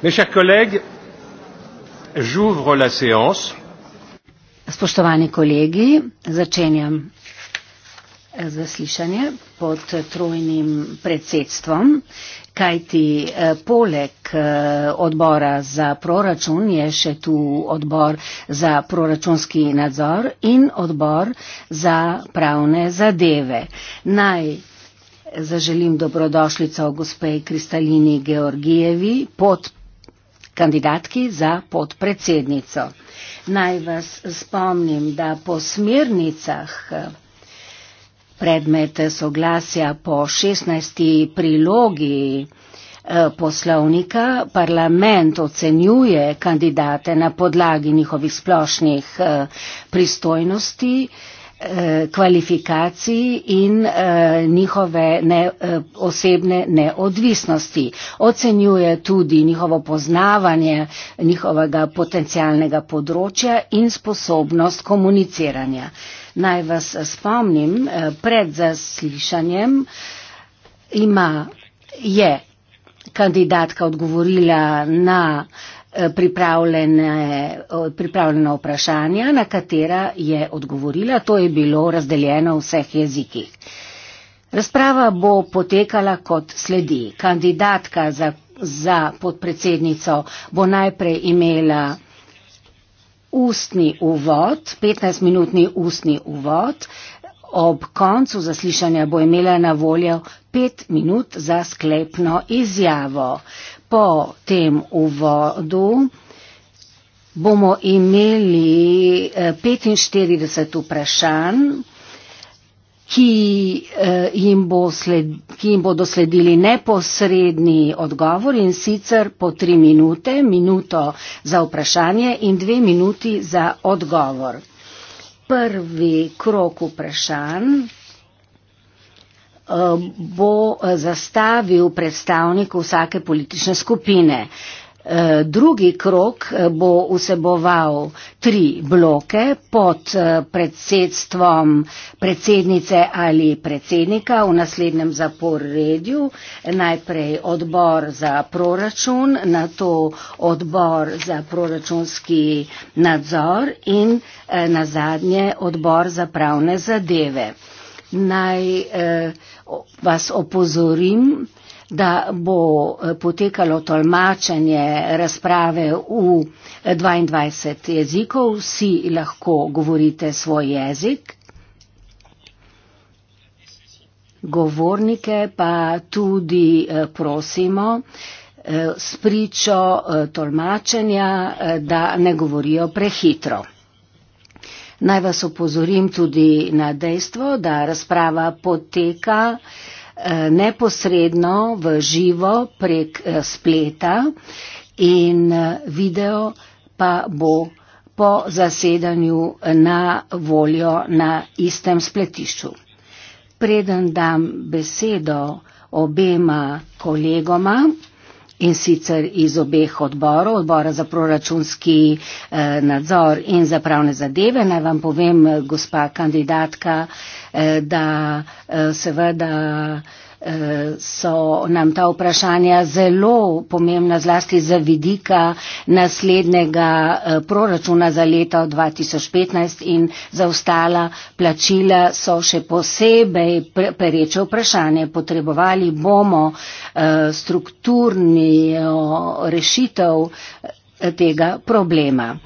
Mes chers collègues, j'ouvre la séance. Spoštovani kolegi, začenjam eh, zaslišanje pod trojnim predsedstvom, kajti eh, poleg eh, odbora za proračun je še tu odbor za proračunski nadzor in odbor za pravne zadeve. Naj zaželim dobrodošljico gospej Kristalini Georgijevi, podpredsednici kandidatki za podpredsednico. Naj vas spomnim, da po smernicah eh, predmet soglasja po 16. prilogi eh, poslovnika parlament ocenjuje kandidate na podlagi njihovih splošnih eh, pristojnosti. Eh, kvalifikaciji in eh, njihove ne, eh, osebne neodvisnosti. Ocenjuje tudi njihovo poznavanje njihovega potencialnega področja in sposobnost komuniciranja. Naj vas spomnim, pred zaslišanjem ima, je kandidatka odgovorila na uh, pripravljene, pripravljena vprašanja, na katera je odgovorila. To je bilo razdeljeno v vseh jezikih. Razprava bo potekala kot sledi. Kandidatka za, za podpredsednico bo najprej imela ustni uvod, 15-minutni ustni uvod, Ob koncu zaslišanja bo imela na voljo pet minut za sklepno izjavo. Po tem uvodu bomo imeli 45 eh, vprašanj, ki eh, jim, bo sled, ki jim bodo sledili neposredni odgovor in sicer po tri minute, minuto za vprašanje in dve minuti za odgovor prvi krok vprašanj eh, bo zastavil predstavnik vsake politične skupine. Eh, drugi krok eh, bo vseboval tri bloke pod eh, predsedstvom predsednice ali predsednika v naslednjem zaporedju. Najprej odbor za proračun, na to odbor za proračunski nadzor in na zadnje odbor za pravne zadeve. Naj eh, vas opozorim, da bo eh, potekalo tolmačenje razprave v 22 eh, jezikov. Vsi lahko govorite svoj jezik. Govornike pa tudi eh, prosimo s pričo tolmačenja, da ne govorijo prehitro. Naj vas opozorim tudi na dejstvo, da razprava poteka Eh, neposredno v živo prek eh, spleta in eh, video pa bo po zasedanju na voljo na istem spletišču. Preden dam besedo obema kolegoma, in sicer iz obeh odborov, odbora za proračunski eh, nadzor in za pravne zadeve. Naj vam povem, gospa kandidatka, eh, da eh, seveda. Eh, so nam ta vprašanja zelo pomembna, zlasti za vidika naslednjega eh, proračuna za leto 2015 in za ostala plačila so še posebej pereče vprašanje. Potrebovali bomo eh, strukturni rešitev tega problema.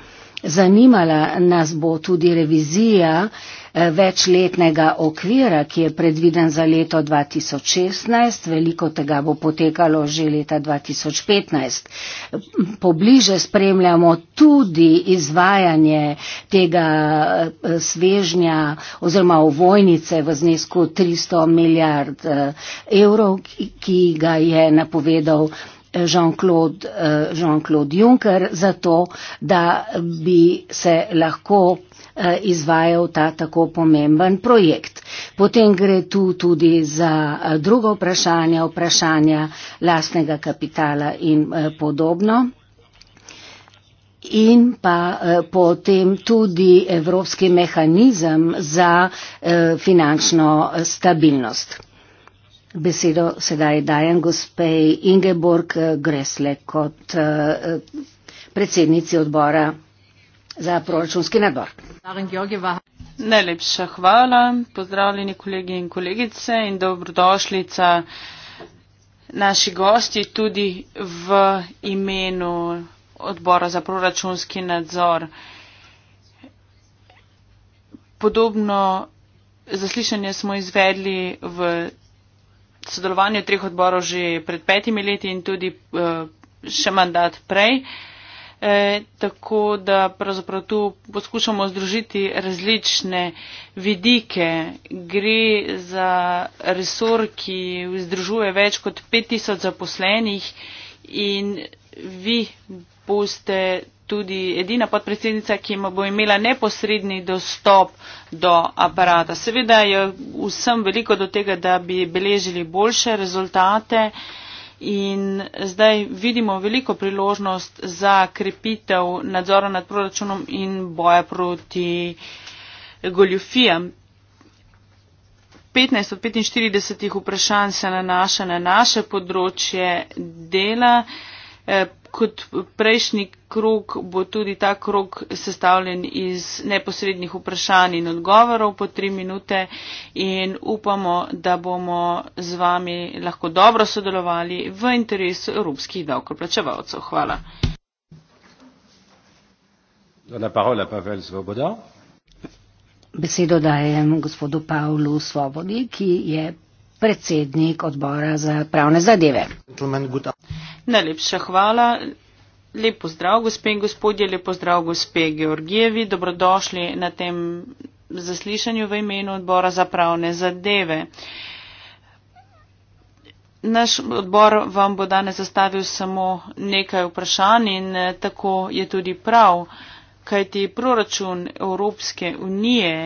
Zanimala nas bo tudi revizija eh, večletnega okvira, ki je predviden za leto 2016. Veliko tega bo potekalo že leta 2015. Pobliže spremljamo tudi izvajanje tega eh, svežnja oziroma ovojnice v znesku 300 milijard eh, evrov, ki ga je napovedal Jean-Claude eh, Jean Juncker za to, da bi se lahko eh, izvajal ta tako pomemben projekt. Potem gre tu tudi za eh, drugo vprašanje, vprašanja lastnega kapitala in podobno. In pa eh, potem tudi evropski mehanizem za eh, finančno stabilnost. Besedo sedaj dajem gospej Ingeborg Gresle kot eh, predsednici odbora za proračunski nadbor. Najlepša hvala, pozdravljeni kolegi in kolegice in dobrodošlica naši gosti tudi v imenu odbora za proračunski nadzor. Podobno zaslišanje smo izvedli v sodelovanju treh odborov že pred petimi leti in tudi eh, še mandat prej. E, tako da pravzaprav tu poskušamo združiti različne vidike. Gre za resor, ki združuje več kot 5000 zaposlenih in vi boste tudi edina podpredsednica, ki ima bo imela neposredni dostop do aparata. Seveda je vsem veliko do tega, da bi beležili boljše rezultate in zdaj vidimo veliko priložnost za krepitev nadzora nad proračunom in boja proti goljufijam. 15 od 45 vprašanj se nanaša na naše področje dela. Eh, kot prejšnjik krok bo tudi ta krok sestavljen iz neposrednih vprašanj in odgovorov po tri minute in upamo, da bomo z vami lahko dobro sodelovali v interesu evropskih davkoplačevalcev. Hvala. Besedo dajem gospodu Pavlu Svobodi, ki je predsednik odbora za pravne zadeve. Najlepša hvala. Lepo zdrav, gospe in gospodje, lepo zdrav, gospe Georgijevi, dobrodošli na tem zaslišanju v imenu odbora za pravne zadeve. Naš odbor vam bo danes zastavil samo nekaj vprašanj in eh, tako je tudi prav, kajti proračun Evropske unije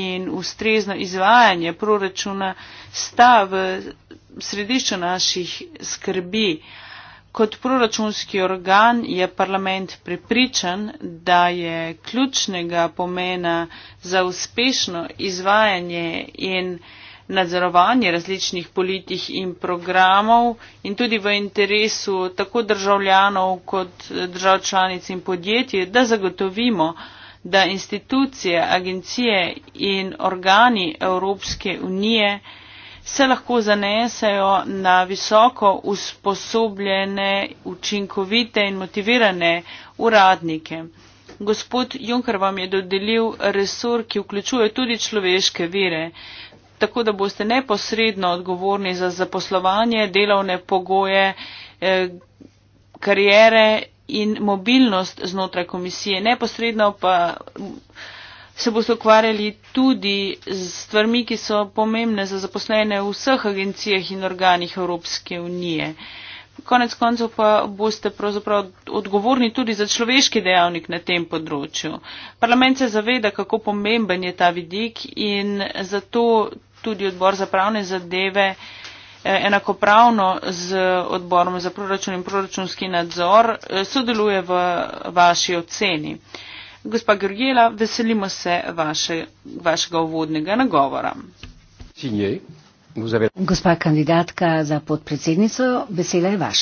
in ustrezno izvajanje proračuna sta v središču naših skrbi. Uh, Kot proračunski organ je parlament prepričan, da je ključnega pomena za uspešno izvajanje in nadzorovanje različnih politik in programov in tudi v interesu tako državljanov kot držav članic in podjetij, da zagotovimo, da institucije, agencije in organi Evropske unije se lahko zanesejo na visoko usposobljene, učinkovite in motivirane uradnike. Gospod Juncker vam je dodelil resor, ki vključuje tudi človeške vire, tako da boste neposredno odgovorni za zaposlovanje, delovne pogoje, eh, kariere in mobilnost znotraj komisije. Neposredno pa se boste ukvarjali tudi z stvarmi, ki so pomembne za zaposlene v vseh agencijah in organih Evropske unije. Konec koncev pa boste pravzaprav odgovorni tudi za človeški dejavnik na tem področju. Parlament se zaveda, kako pomemben je ta vidik in zato tudi odbor za pravne zadeve eh, enakopravno z odborom za proračun in proračunski nadzor eh, sodeluje v vaši oceni. Gospa Gergela, veselimo se vaše, vašega uvodnega nagovora. Gospa kandidatka za podpredsednico, beseda je vaša.